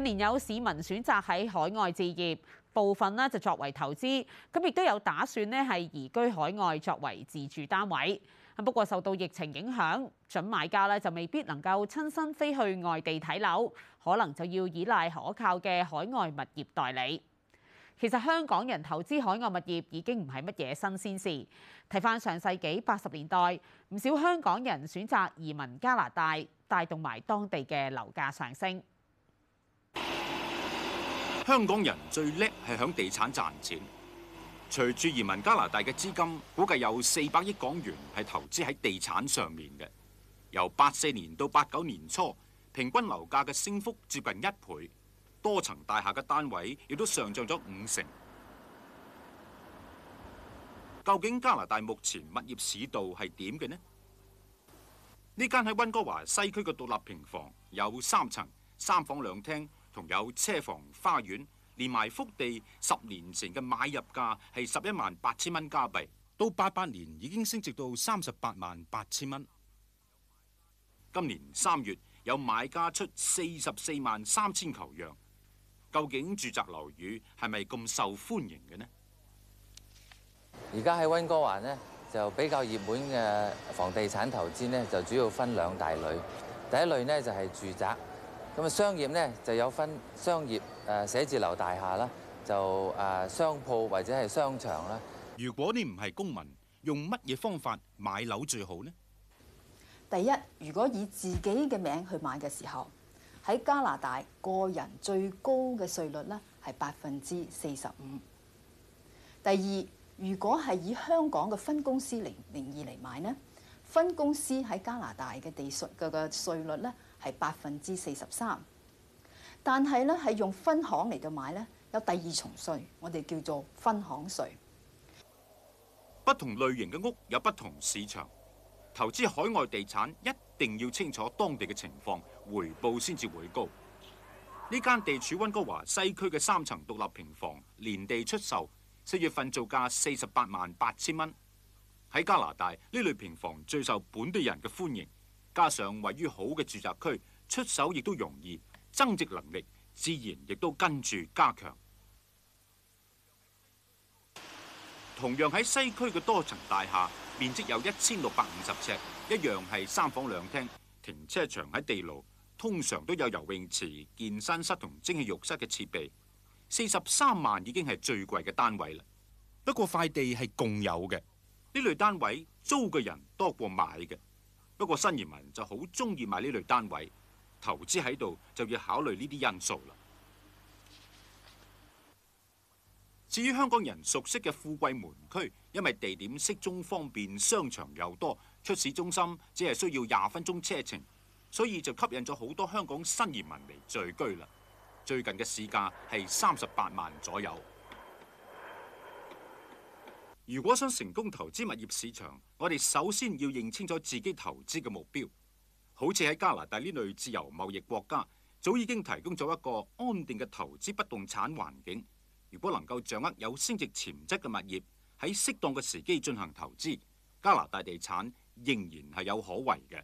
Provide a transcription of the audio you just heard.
近年有市民選擇喺海外置業，部分呢就作為投資，咁亦都有打算呢係移居海外作為自住單位。不過受到疫情影響，準買家呢就未必能夠親身飛去外地睇樓，可能就要依賴可靠嘅海外物業代理。其實香港人投資海外物業已經唔係乜嘢新鮮事，睇返上世紀八十年代唔少香港人選擇移民加拿大，帶動埋當地嘅樓價上升。香港人最叻係響地產賺錢，隨住移民加拿大嘅資金，估計有四百億港元係投資喺地產上面嘅。由八四年到八九年初，平均樓價嘅升幅接近一倍，多層大廈嘅單位亦都上漲咗五成。究竟加拿大目前物業市道係點嘅呢？呢間喺溫哥華西區嘅獨立平房有三層，三房兩廳。仲有車房花園，連埋幅地十年前嘅買入價係十一萬八千蚊加幣，到八八年已經升值到三十八萬八千蚊。今年三月有買家出四十四萬三千求讓，究竟住宅樓宇係咪咁受歡迎嘅呢？而家喺溫哥華呢就比較熱門嘅房地產投資呢就主要分兩大類，第一類呢就係住宅。咁商業咧就有分商業誒、啊、寫字樓大廈啦，就誒、啊、商鋪或者係商場啦。如果你唔係公民，用乜嘢方法買樓最好呢？第一，如果以自己嘅名去買嘅時候，喺加拿大個人最高嘅稅率咧係百分之四十五。第二，如果係以香港嘅分公司嚟名義嚟買呢。分公司喺加拿大嘅地稅嗰個稅率呢，係百分之四十三，但係呢，係用分行嚟到買呢，有第二重稅，我哋叫做分行稅。不同類型嘅屋有不同市場，投資海外地產一定要清楚當地嘅情況回報先至會高。呢間地處溫哥華西區嘅三層獨立平房，連地出售，四月份造價四十八萬八千蚊。喺加拿大呢類平房最受本地人嘅歡迎，加上位於好嘅住宅區，出手亦都容易，增值能力自然亦都跟住加強。同樣喺西區嘅多層大廈，面積有一千六百五十尺，一樣係三房兩廳，停車場喺地牢，通常都有游泳池、健身室同蒸汽浴室嘅設備。四十三萬已經係最貴嘅單位啦，不過塊地係共有嘅。呢類單位租嘅人多過買嘅，不過新移民就好中意買呢類單位，投資喺度就要考慮呢啲因素啦。至於香港人熟悉嘅富貴門區，因為地點適中方便，商場又多，出市中心只係需要廿分鐘車程，所以就吸引咗好多香港新移民嚟聚居啦。最近嘅市價係三十八萬左右。如果想成功投資物業市場，我哋首先要認清楚自己投資嘅目標。好似喺加拿大呢類自由貿易國家，早已經提供咗一個安定嘅投資不動產環境。如果能夠掌握有升值潛質嘅物業，喺適當嘅時機進行投資，加拿大地產仍然係有可為嘅。